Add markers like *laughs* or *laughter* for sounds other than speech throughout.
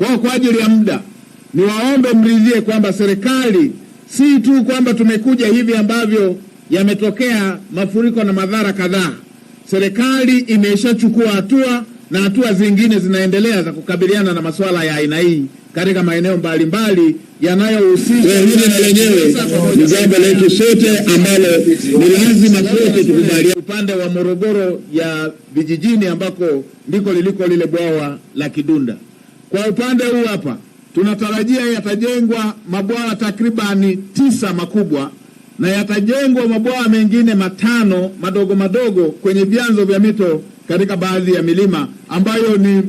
Kwa hiyo kwa ajili ya muda, niwaombe mridhie kwamba serikali si tu kwamba tumekuja hivi ambavyo yametokea mafuriko na madhara kadhaa, serikali imeshachukua hatua na hatua zingine zinaendelea za kukabiliana na masuala ya aina hii katika maeneo mbalimbali yanayohusika. Hili na lenyewe ni jambo letu sote ambalo ni lazima sote tukubaliane. Upande wa Morogoro ya vijijini ambako ndiko liliko lile bwawa la Kidunda. Kwa upande huu hapa tunatarajia yatajengwa mabwawa takribani tisa makubwa na yatajengwa mabwawa mengine matano madogo madogo kwenye vyanzo vya mito katika baadhi ya milima ambayo ni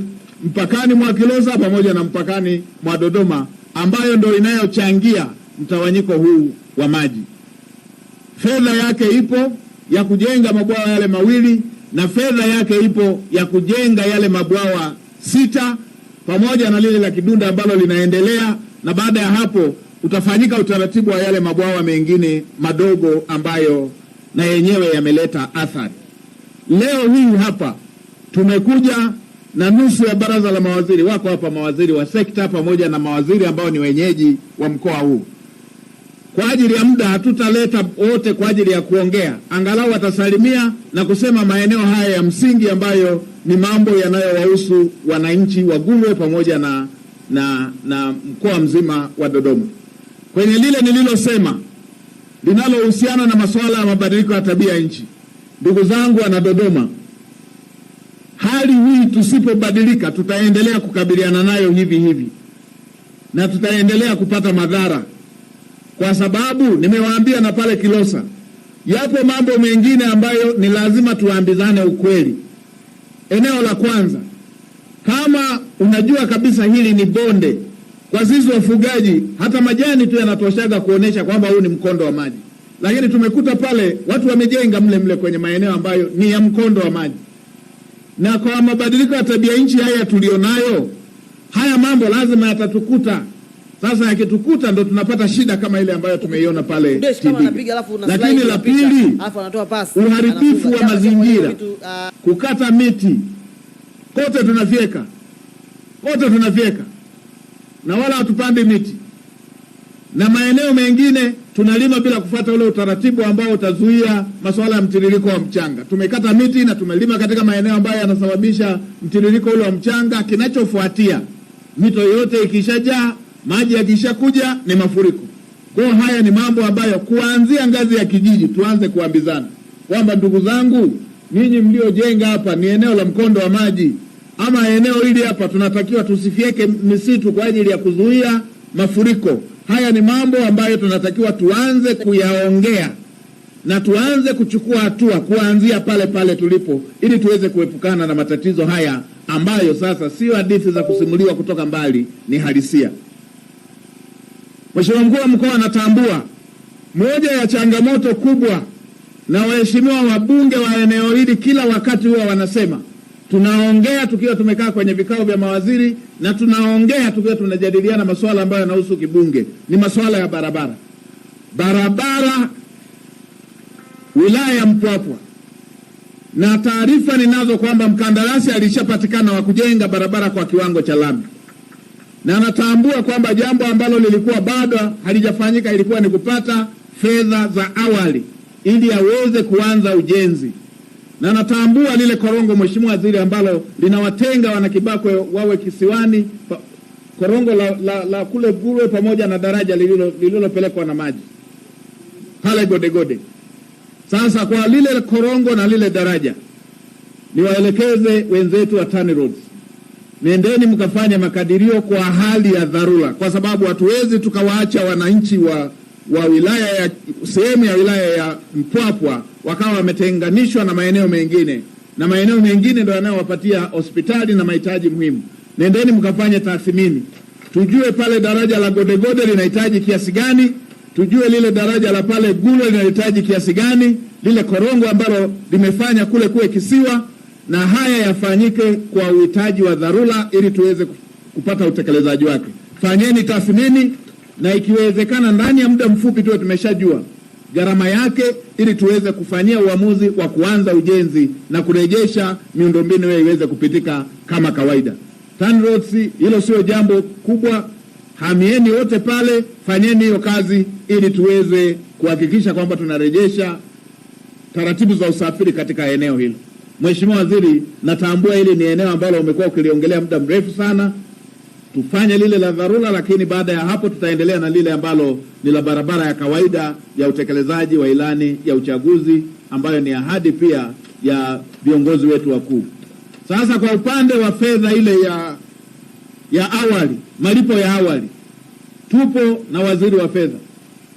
mpakani mwa Kilosa pamoja na mpakani mwa Dodoma ambayo ndo inayochangia mtawanyiko huu wa maji. Fedha yake ipo ya kujenga mabwawa yale mawili na fedha yake ipo ya kujenga yale mabwawa sita pamoja na lile la Kidunda ambalo linaendelea, na baada ya hapo utafanyika utaratibu wa yale mabwawa mengine madogo ambayo na yenyewe yameleta athari. Leo hii hapa tumekuja na nusu ya baraza la mawaziri, wako hapa mawaziri wa sekta pamoja na mawaziri ambao ni wenyeji wa mkoa huu. Kwa ajili ya muda hatutaleta wote kwa ajili ya kuongea, angalau watasalimia na kusema maeneo haya ya msingi ambayo ni mambo yanayowahusu wananchi wa Gulwe pamoja na, na, na mkoa mzima wa Dodoma. Kwenye lile nililosema linalohusiana na masuala ya mabadiliko ya tabia nchi, ndugu zangu wana Dodoma, hali hii tusipobadilika, tutaendelea kukabiliana nayo hivi hivi na tutaendelea kupata madhara, kwa sababu nimewaambia na pale Kilosa, yapo mambo mengine ambayo ni lazima tuambizane ukweli. Eneo la kwanza, kama unajua kabisa hili ni bonde, kwa sisi wafugaji hata majani tu yanatoshaga kuonesha kwamba huu ni mkondo wa maji, lakini tumekuta pale watu wamejenga mle mle kwenye maeneo ambayo ni ya mkondo wa maji, na kwa mabadiliko ya tabia nchi haya tulionayo, haya mambo lazima yatatukuta. Sasa yakitukuta ndo tunapata shida kama ile ambayo tumeiona pale Lakini la pili, uharibifu wa mazingira, ah, kukata miti kote, tunafyeka kote, tunafyeka na wala hatupandi miti, na maeneo mengine tunalima bila kufuata ule utaratibu ambao utazuia masuala ya mtiririko wa mchanga. Tumekata miti na tumelima katika maeneo ambayo yanasababisha mtiririko ule wa mchanga. Kinachofuatia mito yote ikishajaa maji yakishakuja ni mafuriko. Kwa hiyo haya ni mambo ambayo kuanzia ngazi ya kijiji tuanze kuambizana kwamba ndugu zangu, nyinyi mliojenga hapa ni eneo la mkondo wa maji, ama eneo hili hapa tunatakiwa tusifyeke misitu kwa ajili ya kuzuia mafuriko. Haya ni mambo ambayo tunatakiwa tuanze kuyaongea na tuanze kuchukua hatua kuanzia pale pale tulipo, ili tuweze kuepukana na matatizo haya ambayo sasa sio hadithi za kusimuliwa kutoka mbali, ni halisia. Mheshimiwa mkuu wa mkoa anatambua moja ya changamoto kubwa, na waheshimiwa wabunge wa eneo hili kila wakati huwa wanasema, tunaongea tukiwa tumekaa kwenye vikao vya mawaziri na tunaongea tukiwa tunajadiliana masuala ambayo yanahusu kibunge, ni masuala ya barabara. Barabara wilaya ya Mpwapwa, na taarifa ninazo kwamba mkandarasi alishapatikana wa kujenga barabara kwa kiwango cha lami na anatambua kwamba jambo ambalo lilikuwa bado halijafanyika ilikuwa ni kupata fedha za awali ili aweze kuanza ujenzi, na anatambua lile korongo, Mheshimiwa Waziri, ambalo linawatenga wanakibakwe wawe kisiwani, korongo la, la, la kule Gulwe pamoja na daraja lililopelekwa na maji pale Godegode. Sasa kwa lile korongo na lile daraja, niwaelekeze wenzetu wa TANROADS nendeni mkafanye makadirio kwa hali ya dharura, kwa sababu hatuwezi tukawaacha wananchi wa wa wilaya ya sehemu ya wilaya ya Mpwapwa wakawa wametenganishwa na maeneo mengine, na maeneo mengine ndio yanayowapatia hospitali na mahitaji muhimu. Nendeni mkafanye tathmini, tujue pale daraja la Godegode linahitaji kiasi gani, tujue lile daraja la pale Gulo linahitaji kiasi gani, lile korongo ambalo limefanya kule kuwe kisiwa na haya yafanyike kwa uhitaji wa dharura ili tuweze kupata utekelezaji wake. Fanyeni tathmini na ikiwezekana ndani ya muda mfupi tuwe tumeshajua gharama yake ili tuweze kufanyia uamuzi wa kuanza ujenzi na kurejesha miundombinu hiyo iweze kupitika kama kawaida. TANROADS, hilo sio jambo kubwa. Hamieni wote pale, fanyeni hiyo kazi ili tuweze kuhakikisha kwamba tunarejesha taratibu za usafiri katika eneo hilo. Mheshimiwa Waziri, natambua hili ni eneo ambalo umekuwa ukiliongelea muda mrefu sana. Tufanye lile la dharura, lakini baada ya hapo tutaendelea na lile ambalo ni la barabara ya kawaida ya utekelezaji wa ilani ya uchaguzi ambayo ni ahadi pia ya viongozi wetu wakuu. Sasa kwa upande wa fedha ile ya ya awali, malipo ya awali, tupo na waziri wa fedha.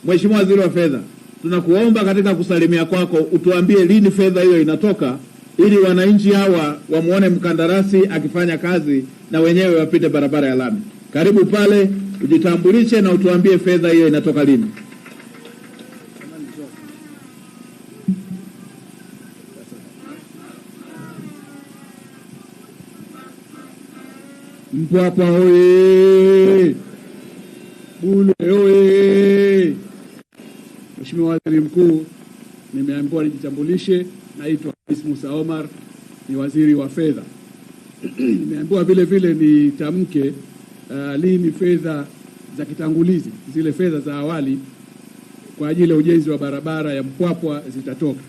Mheshimiwa Waziri wa Fedha, tunakuomba katika kusalimia kwako utuambie lini fedha hiyo inatoka ili wananchi hawa wamwone mkandarasi akifanya kazi na wenyewe wapite barabara ya lami. Karibu pale ujitambulishe na utuambie fedha hiyo inatoka lini. Mpwapwa hoye! Bule hoye! Mheshimiwa Waziri Mkuu, nimeambiwa nijitambulishe. Naitwa Rais Musa Omar ni waziri wa fedha. *clears throat* Nimeambiwa vile vile nitamke uh, lini fedha za kitangulizi, zile fedha za awali kwa ajili ya ujenzi wa barabara ya Mpwapwa zitatoka.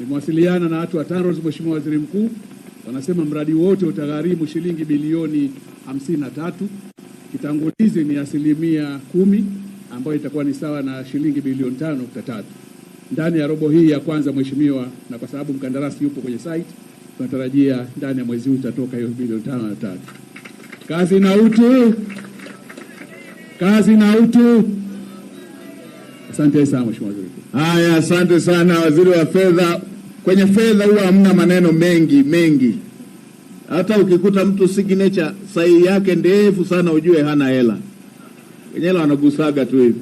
Nimewasiliana na watu wa TANROADS, Mheshimiwa Waziri Mkuu, wanasema mradi wote utagharimu shilingi bilioni 53. Kitangulizi ni asilimia kumi ambayo itakuwa ni sawa na shilingi bilioni 5.3 ndani ya robo hii ya kwanza mheshimiwa, na kwa sababu mkandarasi yupo kwenye site, tunatarajia ndani ya mwezi huu itatoka hiyo bilioni tano na tatu. Kazi na utu, kazi na utu. Asante sana mheshimiwa waziri. Haya, asante sana waziri wa fedha. Kwenye fedha huwa hamna maneno mengi mengi, hata ukikuta mtu signature sahihi yake ndefu sana, ujue hana hela, wenyewe wanagusaga tu hivi.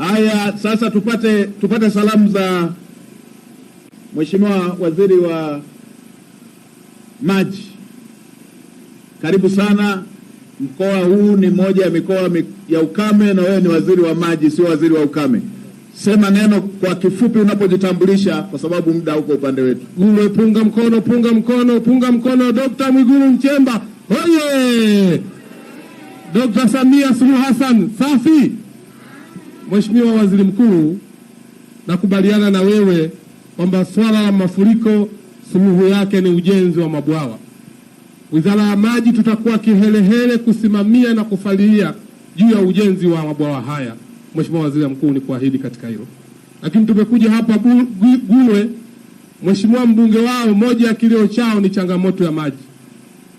Haya, sasa tupate tupate salamu za Mheshimiwa Waziri wa Maji. Karibu sana. Mkoa huu ni moja ya mikoa ya ukame, na wewe ni waziri wa maji, sio waziri wa ukame. Sema neno kwa kifupi unapojitambulisha, kwa sababu muda uko upande wetu. Gule, punga mkono, punga mkono, punga mkono. Dr. Mwigulu Nchemba, oye! Dr. Samia Suluhu Hassan, safi! Mheshimiwa Waziri Mkuu, nakubaliana na wewe kwamba swala la mafuriko suluhu yake ni ujenzi wa mabwawa. Wizara ya Maji tutakuwa kihelehele kusimamia na kufalilia juu ya ujenzi wa mabwawa haya. Mheshimiwa Waziri Mkuu, ni kuahidi katika hilo. Lakini tumekuja hapa Gulwe, Mheshimiwa mbunge wao, moja ya kilio chao ni changamoto ya maji.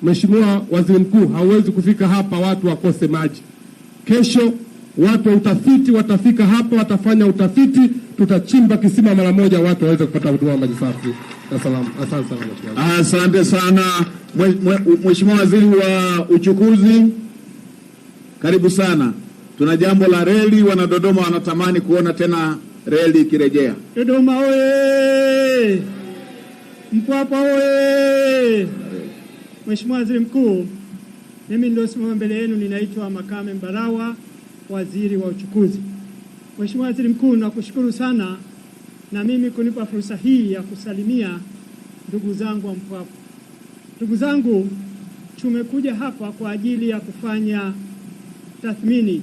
Mheshimiwa Waziri Mkuu, hauwezi kufika hapa watu wakose maji. Kesho Watu wa utafiti watafika hapa, watafanya utafiti, tutachimba kisima mara moja, watu waweze kupata huduma maji safi. Asante sana, asante sana Mheshimiwa Waziri wa Uchukuzi, karibu sana. Tuna jambo la reli, wanadodoma wanatamani kuona tena reli ikirejea. Dodoma oye! Mpwapwa oye! Mheshimiwa Waziri Mkuu, mimi niliosimama mbele yenu ninaitwa Makame Mbarawa waziri wa uchukuzi. Mheshimiwa Waziri Mkuu, nakushukuru sana na mimi kunipa fursa hii ya kusalimia ndugu zangu wa Mpwapwa. Ndugu zangu, tumekuja hapa kwa ajili ya kufanya tathmini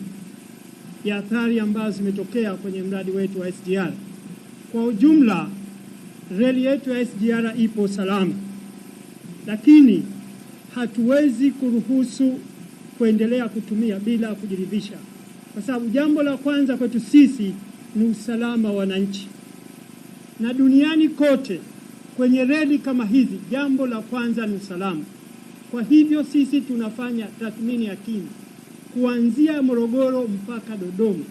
ya athari ambazo zimetokea kwenye mradi wetu wa SGR. Kwa ujumla, reli yetu ya SGR ipo salama, lakini hatuwezi kuruhusu kuendelea kutumia bila kujiridhisha kwa sababu jambo la kwanza kwetu sisi ni usalama wa wananchi, na duniani kote kwenye reli kama hizi jambo la kwanza ni usalama. Kwa hivyo sisi tunafanya tathmini ya kina kuanzia Morogoro mpaka Dodoma.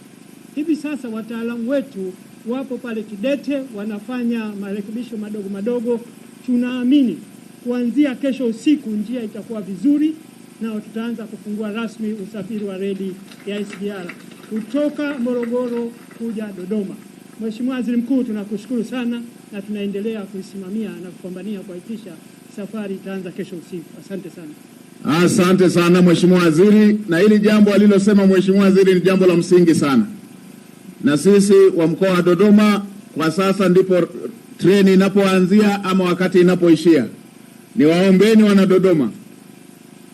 Hivi sasa wataalamu wetu wapo pale Kidete wanafanya marekebisho madogo madogo. Tunaamini kuanzia kesho usiku njia itakuwa vizuri nao tutaanza kufungua rasmi usafiri wa reli ya SGR kutoka Morogoro kuja Dodoma. Mheshimiwa Waziri Mkuu, tunakushukuru sana na tunaendelea kuisimamia na kupambania kuhakikisha safari itaanza kesho usiku. Asante sana. Asante sana Mheshimiwa Waziri, na hili jambo alilosema Mheshimiwa Waziri ni jambo la msingi sana, na sisi wa mkoa wa Dodoma kwa sasa ndipo treni inapoanzia ama wakati inapoishia. Niwaombeni wana Dodoma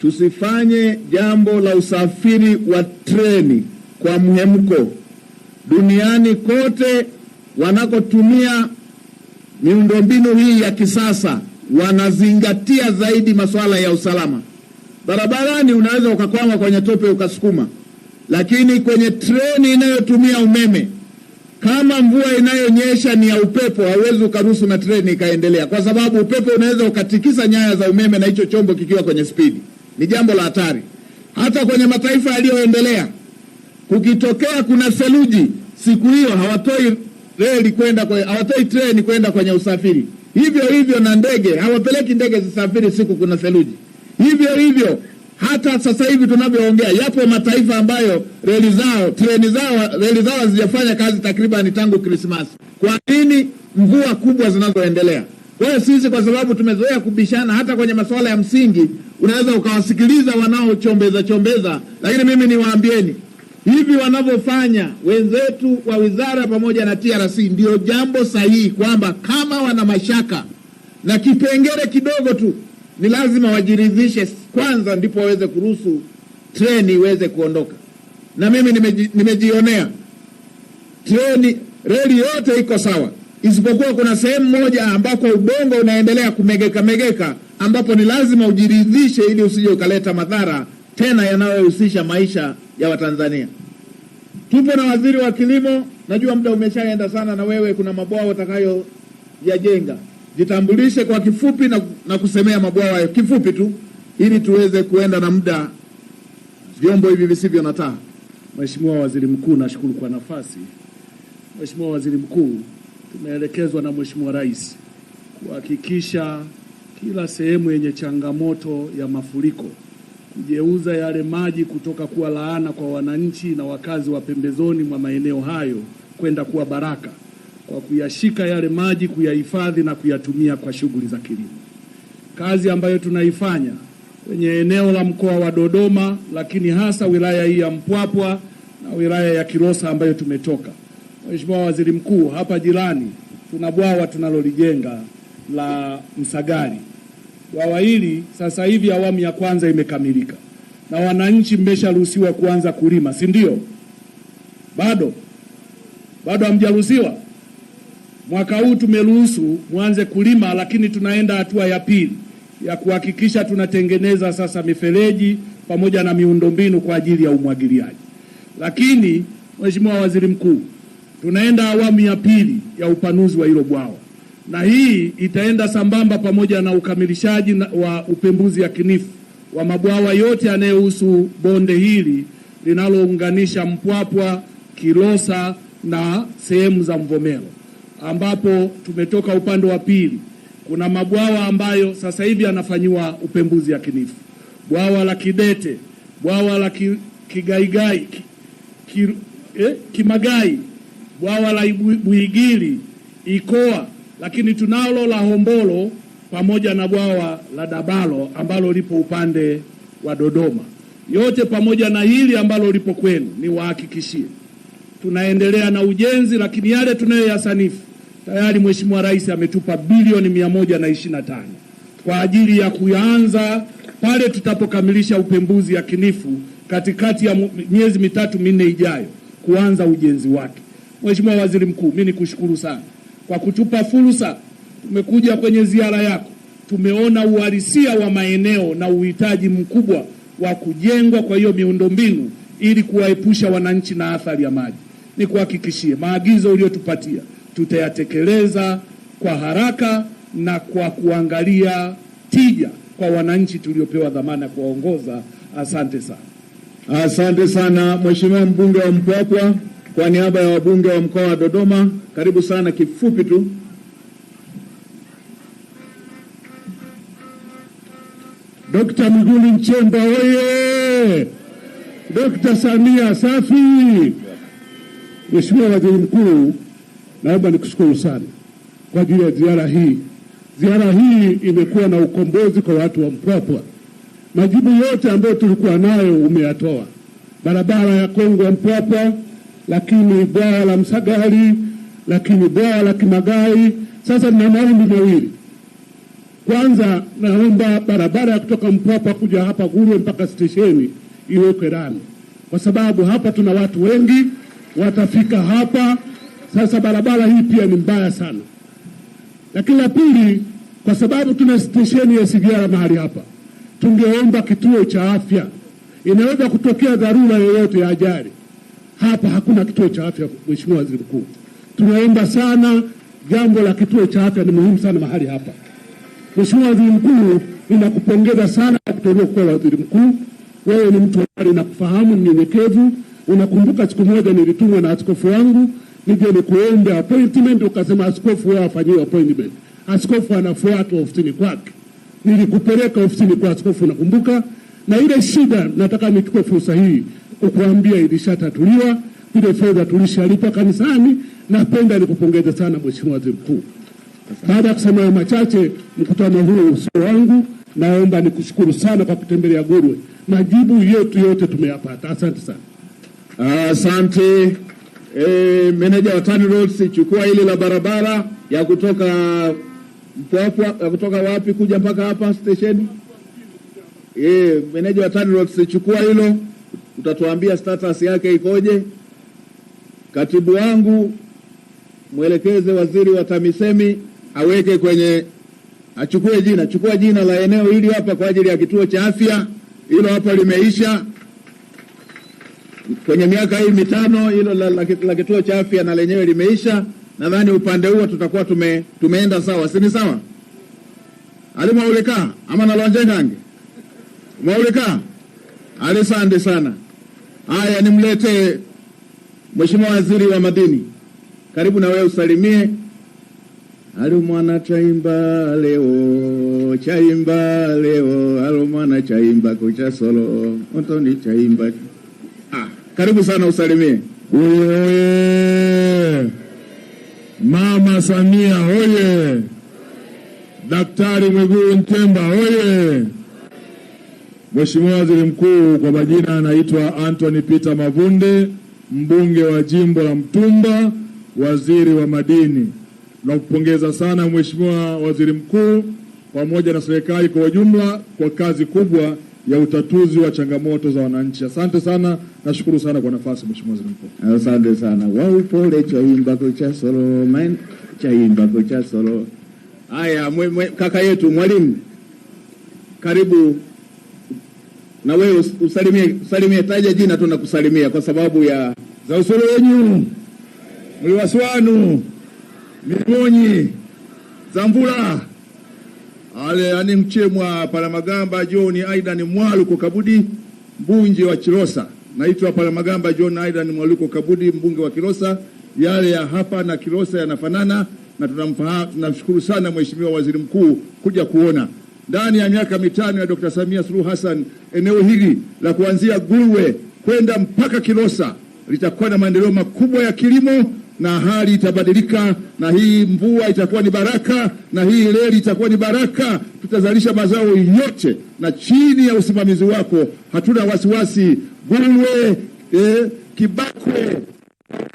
Tusifanye jambo la usafiri wa treni kwa mhemko. Duniani kote wanakotumia miundombinu hii ya kisasa wanazingatia zaidi masuala ya usalama. Barabarani unaweza ukakwama kwenye tope ukasukuma, lakini kwenye treni inayotumia umeme, kama mvua inayonyesha ni ya upepo, hauwezi ukaruhusu na treni ikaendelea, kwa sababu upepo unaweza ukatikisa nyaya za umeme na hicho chombo kikiwa kwenye spidi ni jambo la hatari. Hata kwenye mataifa yaliyoendelea kukitokea kuna seluji, siku hiyo hawatoi reli kwenda kwenye, hawatoi treni kwenda kwenye usafiri. Hivyo hivyo na ndege, hawapeleki ndege zisafiri siku kuna seluji. Hivyo hivyo hata sasa hivi tunavyoongea, yapo mataifa ambayo reli zao treni zao reli zao hazijafanya kazi takribani tangu Krismasi. Kwa nini? Mvua kubwa zinazoendelea. Kwa hiyo sisi, kwa sababu tumezoea kubishana hata kwenye masuala ya msingi, unaweza ukawasikiliza wanaochombeza chombeza, lakini mimi niwaambieni hivi wanavyofanya wenzetu wa wizara pamoja na TRC ndio jambo sahihi, kwamba kama wana mashaka na kipengele kidogo tu ni lazima wajiridhishe kwanza, ndipo waweze kuruhusu treni iweze kuondoka. Na mimi nimeji, nimejionea treni, reli yote iko sawa isipokuwa kuna sehemu moja ambako ubongo unaendelea kumegeka megeka, ambapo ni lazima ujiridhishe ili usije ukaleta madhara tena yanayohusisha maisha ya Watanzania. Tupo na waziri wa kilimo, najua muda umeshaenda sana, na wewe kuna mabwawa utakayoyajenga. Jitambulishe kwa kifupi na, na kusemea mabwawa kifupi tu ili tuweze kuenda na muda vyombo hivi visivyo na taa. Mheshimiwa Waziri Mkuu, nashukuru kwa nafasi. Mheshimiwa Waziri Mkuu, tumeelekezwa na Mheshimiwa Rais kuhakikisha kila sehemu yenye changamoto ya mafuriko kugeuza yale maji kutoka kuwa laana kwa wananchi na wakazi wa pembezoni mwa maeneo hayo kwenda kuwa baraka kwa kuyashika yale maji, kuyahifadhi na kuyatumia kwa shughuli za kilimo. Kazi ambayo tunaifanya kwenye eneo la mkoa wa Dodoma, lakini hasa wilaya hii ya Mpwapwa na wilaya ya Kilosa ambayo tumetoka Mheshimiwa Waziri Mkuu, hapa jirani tuna bwawa tunalolijenga la Msagari. Bwawa hili sasa hivi awamu ya kwanza imekamilika na wananchi mmesharuhusiwa kuanza kulima, si ndio? Bado bado hamjaruhusiwa? Mwaka huu tumeruhusu mwanze kulima, lakini tunaenda hatua ya pili ya kuhakikisha tunatengeneza sasa mifereji pamoja na miundombinu kwa ajili ya umwagiliaji. Lakini Mheshimiwa Waziri Mkuu, tunaenda awamu ya pili ya upanuzi wa hilo bwawa, na hii itaenda sambamba pamoja na ukamilishaji wa upembuzi yakinifu wa mabwawa yote yanayohusu bonde hili linalounganisha Mpwapwa, Kilosa na sehemu za Mvomero, ambapo tumetoka upande wa pili. Kuna mabwawa ambayo sasa hivi yanafanyiwa upembuzi yakinifu: bwawa la Kidete, bwawa la Kigaigai, ki, ki, eh, Kimagai bwawa la buigili Ikoa, lakini tunalo la Hombolo pamoja na bwawa la Dabalo ambalo lipo upande wa Dodoma. Yote pamoja na hili ambalo lipo kwenu, niwahakikishie tunaendelea na ujenzi, lakini yale tunayoyasanifu tayari Mheshimiwa Rais ametupa bilioni mia moja na ishirini na tano kwa ajili ya kuanza pale tutapokamilisha upembuzi yakinifu katikati ya miezi mitatu minne ijayo kuanza ujenzi wake. Mheshimiwa Waziri Mkuu, mimi nikushukuru sana kwa kutupa fursa. Tumekuja kwenye ziara yako, tumeona uhalisia wa maeneo na uhitaji mkubwa wa kujengwa kwa hiyo miundombinu ili kuwaepusha wananchi na athari ya maji. Nikuhakikishie, maagizo uliyotupatia tutayatekeleza kwa haraka na kwa kuangalia tija kwa wananchi tuliopewa dhamana kuwaongoza. Asante sana. Asante sana Mheshimiwa mbunge wa Mpwapwa. Kwa niaba ya wabunge wa mkoa wa Dodoma, karibu sana. Kifupi tu, Dr. Mwigulu Nchemba oye! Dr. Samia safi! Mheshimiwa Waziri Mkuu, naomba nikushukuru sana kwa ajili ya ziara hii. Ziara hii imekuwa na ukombozi kwa watu wa Mpwapwa. Majibu yote ambayo tulikuwa nayo umeyatoa, barabara ya Kongwa Mpwapwa lakini bwawa la Msagali, lakini bwawa la Kimagai. Sasa nina maombi mawili. Kwanza naomba barabara ya kutoka Mpwapwa kuja hapa Gurwe mpaka stesheni iwekwe rami, kwa sababu hapa tuna watu wengi watafika hapa. Sasa barabara hii pia ni mbaya sana. Lakini la pili, kwa sababu tuna stesheni ya sigara mahali hapa, tungeomba kituo cha afya, inaweza kutokea dharura yoyote ya ajali hapa hakuna kituo cha afya. Mheshimiwa Waziri Mkuu, tunaomba sana, jambo la kituo cha afya ni muhimu sana mahali hapa. Mheshimiwa Waziri Mkuu, ninakupongeza sana kwa kuteuliwa kuwa waziri mkuu. Wewe ni mtu ambaye nakufahamu, mnyenyekevu. Unakumbuka siku moja nilitumwa na askofu wangu nije nikuombe appointment, ukasema askofu wewe afanyiwe appointment. Askofu anafuatwa ofisini kwake, nilikupeleka ofisini kwa askofu, nakumbuka. Na ile shida nataka nichukue fursa hii kukuambia ilishatatuliwa ile fedha tulishalipa kanisani. Napenda nikupongeze sana Mheshimiwa Waziri Mkuu. Baada ya kusema hayo machache, mkutano huu usio wangu. Naomba nikushukuru sana kwa kutembelea Gurwe. Majibu yetu yote tumeyapata, asante sana. Asante e, meneja wa TANROADS, chukua ile la barabara ya kutoka Mpwapwa, ya kutoka wapi kuja mpaka hapa stesheni. E, meneja wa TANROADS, chukua hilo utatuambia status yake ikoje. Katibu wangu mwelekeze waziri wa TAMISEMI aweke kwenye, achukue jina, chukua jina la eneo hili hapa kwa ajili ya kituo cha afya, hilo hapa limeisha kwenye miaka hii mitano, hilo la, la, la, kituo cha afya na lenyewe limeisha. Nadhani upande huo tutakuwa tume, tumeenda sawa, si ni sawa? alimwaulika ama nalonjengange mwaulika alisande sana Haya, nimlete Mheshimiwa Waziri wa Madini, karibu na wewe usalimie. Halo mwana chaimba leo, chaimba leo, halo mwana chaimba kucha solo ni chaimba. Ah, karibu sana usalimie. Oye Mama Samia, oye Daktari Mwigulu Nchemba, oye Mheshimiwa Waziri Mkuu, kwa majina anaitwa Anthony Peter Mavunde, mbunge wa jimbo la Mtumba, waziri wa madini. Nakupongeza sana Mheshimiwa Waziri Mkuu pamoja na serikali kwa ujumla kwa kazi kubwa ya utatuzi wa changamoto za wananchi. Asante sana, nashukuru sana kwa nafasi Mheshimiwa Waziri Mkuu. Asante sana. Waupole chaimbako cha solo main chaimbako cha solo. Haya, kaka yetu mwalimu, karibu na wewe usalimie, usalimie, taja jina tu nakusalimia kwa sababu ya za usulu wenyu mliwaswanu mimonyi zamvula ale ani mchemwa magamba John Aidan Mwaluko Kabudi mbunge wa Kilosa. Naitwa magamba John Aidan Mwaluko Kabudi mbunge wa Kilosa. Yale ya hapa na Kilosa yanafanana na tunamshukuru sana Mheshimiwa Waziri Mkuu kuja kuona ndani ya miaka mitano ya Dkt. Samia Suluhu Hassan, eneo hili la kuanzia Gulwe kwenda mpaka Kilosa litakuwa na maendeleo makubwa ya kilimo na hali itabadilika, na hii mvua itakuwa ni baraka, na hii reli itakuwa ni baraka. Tutazalisha mazao yote, na chini ya usimamizi wako hatuna wasiwasi. Gulwe eh, Kibakwe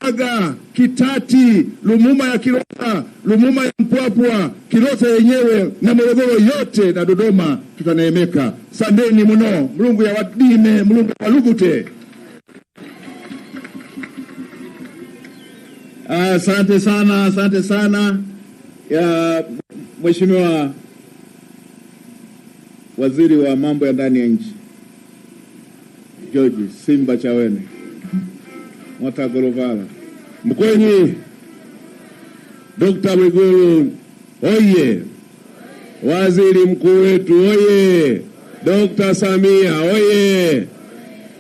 Wadha, Kitati, Lumuma ya Kilosa, Lumuma ya Mpwapwa, Kilosa yenyewe na Morogoro yote na Dodoma tutaneemeka. Sandeni mno mlungu ya wadime mlungu ya walugute. Asante uh, sana asante sana ya Mheshimiwa Waziri wa Mambo ya Ndani ya Nchi George Simba Chawene Golovala Mkwenye, dokta Mwigulu oye! Waziri mkuu wetu oye! dokta Samia oye!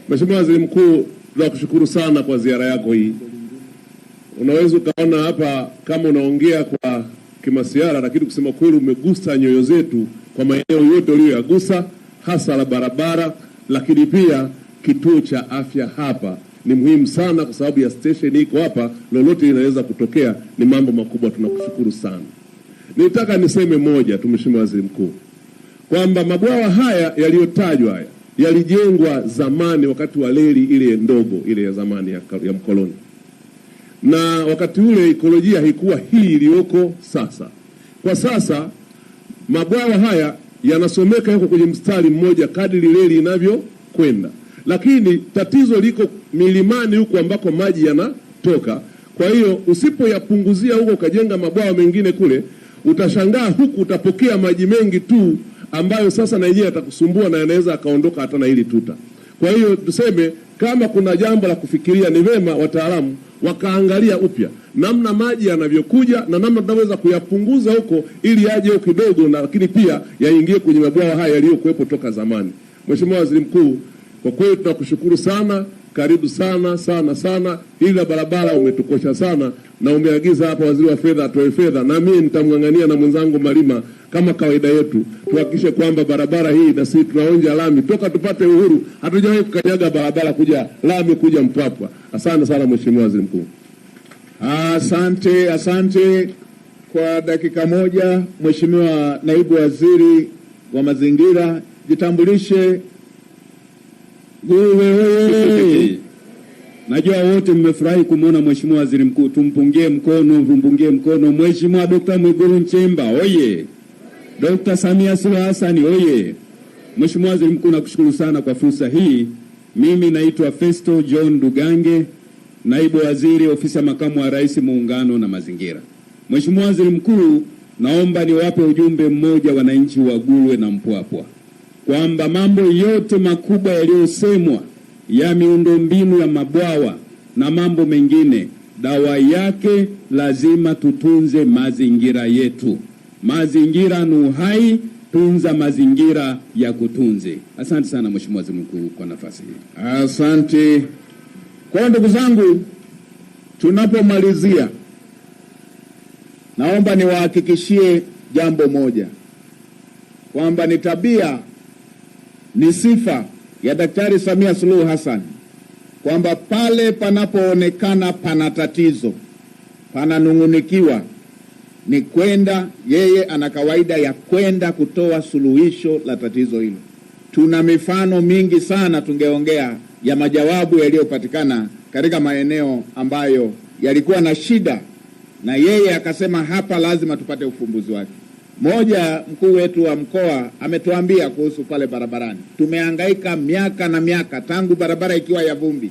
Mheshimiwa Waziri Mkuu, tunakushukuru sana kwa ziara yako hii. Unaweza ukaona hapa kama unaongea kwa kimasiara, lakini kusema kweli umegusa nyoyo zetu kwa maeneo yote uliyoyagusa, hasa la barabara, lakini pia kituo cha afya hapa ni muhimu sana, kwa sababu ya station iko hapa, lolote linaweza kutokea. Ni mambo makubwa, tunakushukuru sana. Nitaka niseme moja tu, Mheshimiwa Waziri Mkuu, kwamba mabwawa haya yaliyotajwa haya yalijengwa zamani wakati wa reli ile ndogo ile ya zamani ya, ya mkoloni, na wakati ule ekolojia haikuwa hii iliyoko sasa. Kwa sasa mabwawa haya yanasomeka yako kwenye mstari mmoja kadri reli inavyokwenda lakini tatizo liko milimani huko ambako maji yanatoka. Kwa hiyo usipoyapunguzia huko ukajenga mabwawa mengine kule, utashangaa huku utapokea maji mengi tu ambayo sasa na yeye yatakusumbua na yanaweza akaondoka hata na hili tuta. Kwa hiyo tuseme kama kuna jambo la kufikiria, ni vema wataalamu wakaangalia upya namna maji yanavyokuja na namna tunaweza kuyapunguza huko ili yaje kidogo, lakini pia yaingie kwenye mabwawa haya yaliyokuwepo toka zamani. Mheshimiwa Waziri Mkuu, kwa kweli tunakushukuru sana, karibu sana sana sana. Hili la barabara umetukosha sana, na umeagiza hapa waziri wa fedha atoe fedha, na mimi nitamng'ang'ania na mwenzangu Malima kama kawaida yetu tuhakikishe kwamba barabara hii, na sisi tunaonja lami toka tupate uhuru, hatujawahi kukanyaga barabara kuja lami kuja Mpwapwa. Asante sana Mheshimiwa Waziri Mkuu. Asante, asante kwa dakika moja. Mheshimiwa Naibu Waziri wa Mazingira, jitambulishe. *laughs* Najua wote mmefurahi kumwona Mheshimiwa Waziri Mkuu, tumpungie mkono, tumpungie mkono Mheshimiwa Dr. Mwigulu Nchemba oye! Dr. Samia Suluhu Hassan oye! Mheshimiwa Waziri Mkuu, nakushukuru sana kwa fursa hii. Mimi naitwa Festo John Dugange, naibu waziri ofisi ya makamu wa rais muungano na mazingira. Mheshimiwa Waziri Mkuu, naomba niwape ujumbe mmoja wananchi wa Gulwe na Mpwapwa kwamba mambo yote makubwa yaliyosemwa ya miundombinu ya mabwawa na mambo mengine, dawa yake lazima tutunze mazingira yetu. Mazingira ni uhai, tunza mazingira ya kutunze. Asante sana Mheshimiwa Waziri Mkuu kwa nafasi hii, asante. Kwa hiyo ndugu zangu, tunapomalizia, naomba niwahakikishie jambo moja kwamba ni tabia ni sifa ya Daktari Samia Suluhu Hassan kwamba pale panapoonekana pana tatizo, pananung'unikiwa, ni kwenda yeye, ana kawaida ya kwenda kutoa suluhisho la tatizo hilo. Tuna mifano mingi sana tungeongea ya majawabu yaliyopatikana katika maeneo ambayo yalikuwa na shida, na yeye akasema hapa lazima tupate ufumbuzi wake. Moja, mkuu wetu wa mkoa ametuambia kuhusu pale barabarani. Tumehangaika miaka na miaka tangu barabara ikiwa ya vumbi,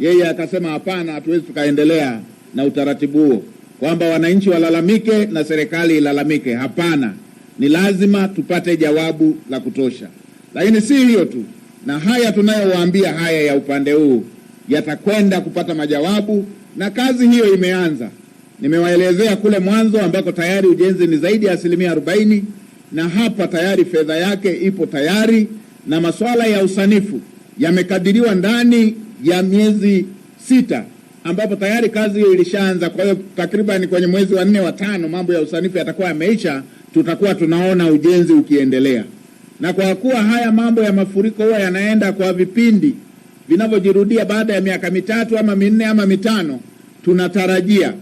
yeye akasema hapana, hatuwezi tukaendelea na utaratibu huo, kwamba wananchi walalamike na serikali ilalamike. Hapana, ni lazima tupate jawabu la kutosha. Lakini si hiyo tu, na haya tunayowaambia haya ya upande huu yatakwenda kupata majawabu, na kazi hiyo imeanza. Nimewaelezea kule mwanzo ambako tayari ujenzi ni zaidi ya asilimia arobaini na hapa tayari fedha yake ipo tayari, na masuala ya usanifu yamekadiriwa ndani ya miezi sita, ambapo tayari kazi hiyo ilishaanza. Kwa hiyo takriban kwenye mwezi wa nne wa tano mambo ya usanifu yatakuwa yameisha, tutakuwa tunaona ujenzi ukiendelea. Na kwa kuwa haya mambo ya mafuriko huwa yanaenda kwa vipindi vinavyojirudia baada ya miaka mitatu ama minne ama mitano, tunatarajia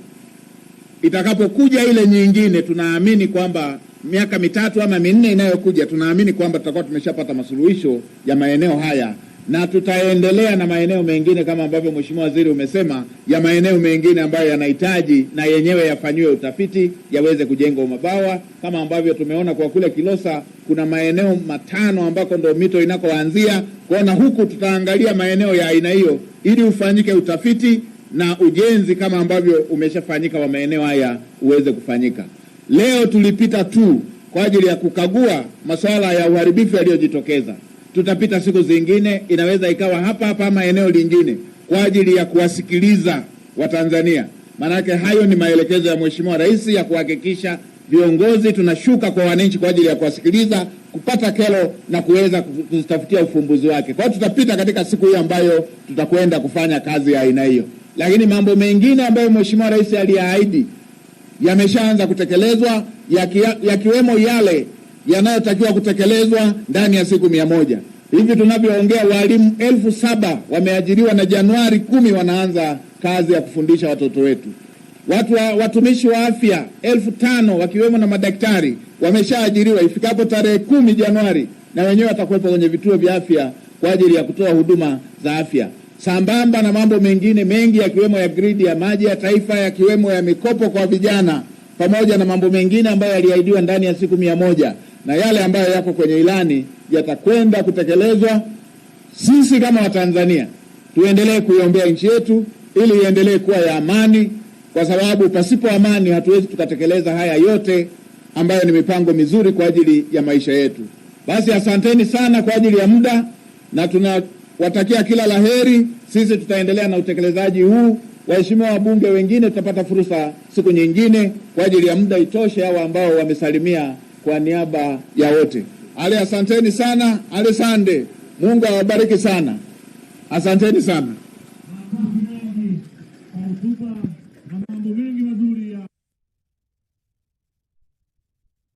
Itakapokuja ile nyingine, tunaamini kwamba miaka mitatu ama minne inayokuja, tunaamini kwamba tutakuwa tumeshapata masuluhisho ya maeneo haya na tutaendelea na maeneo mengine kama ambavyo Mheshimiwa Waziri umesema, ya maeneo mengine ambayo yanahitaji na yenyewe yafanyiwe utafiti yaweze kujengwa mabawa, kama ambavyo tumeona kwa kule Kilosa kuna maeneo matano ambako ndo mito inakoanzia kuona. Huku tutaangalia maeneo ya aina hiyo ili ufanyike utafiti na ujenzi kama ambavyo umeshafanyika wa maeneo haya uweze kufanyika. Leo tulipita tu kwa ajili ya kukagua masuala ya uharibifu yaliyojitokeza. Tutapita siku zingine, inaweza ikawa hapa hapa ama eneo lingine, kwa ajili ya kuwasikiliza Watanzania. Maanake hayo ni maelekezo ya Mheshimiwa Rais ya kuhakikisha viongozi tunashuka kwa wananchi kwa ajili ya kuwasikiliza, kupata kero na kuweza kuzitafutia ufumbuzi wake. Kwa hiyo tutapita katika siku hiyo ambayo tutakwenda kufanya kazi ya aina hiyo lakini mambo mengine ambayo Mheshimiwa Rais aliyaahidi yameshaanza kutekelezwa yakiwemo ya yale yanayotakiwa kutekelezwa ndani ya siku mia moja. Hivi tunavyoongea walimu elfu saba wameajiriwa na Januari kumi wanaanza kazi ya kufundisha watoto wetu. Watu wa, watumishi wa afya elfu tano wakiwemo na madaktari wameshaajiriwa ifikapo tarehe kumi Januari, na wenyewe watakuwepo kwenye vituo vya afya kwa ajili ya kutoa huduma za afya sambamba na mambo mengine mengi yakiwemo ya gridi ya maji ya taifa, yakiwemo ya mikopo kwa vijana, pamoja na mambo mengine ambayo yaliahidiwa ndani ya siku mia moja na yale ambayo yako kwenye ilani yatakwenda kutekelezwa. Sisi kama Watanzania tuendelee kuiombea nchi yetu ili iendelee kuwa ya amani, kwa sababu pasipo amani hatuwezi tukatekeleza haya yote ambayo ni mipango mizuri kwa ajili ya maisha yetu. Basi asanteni sana kwa ajili ya muda na tuna watakia kila la heri. Sisi tutaendelea na utekelezaji huu. Waheshimiwa wabunge wengine, tutapata fursa siku nyingine kwa ajili ya muda itoshe, hawa ambao wamesalimia kwa niaba ya wote. Ale, asanteni sana. Ale sande, Mungu awabariki sana, asanteni sana.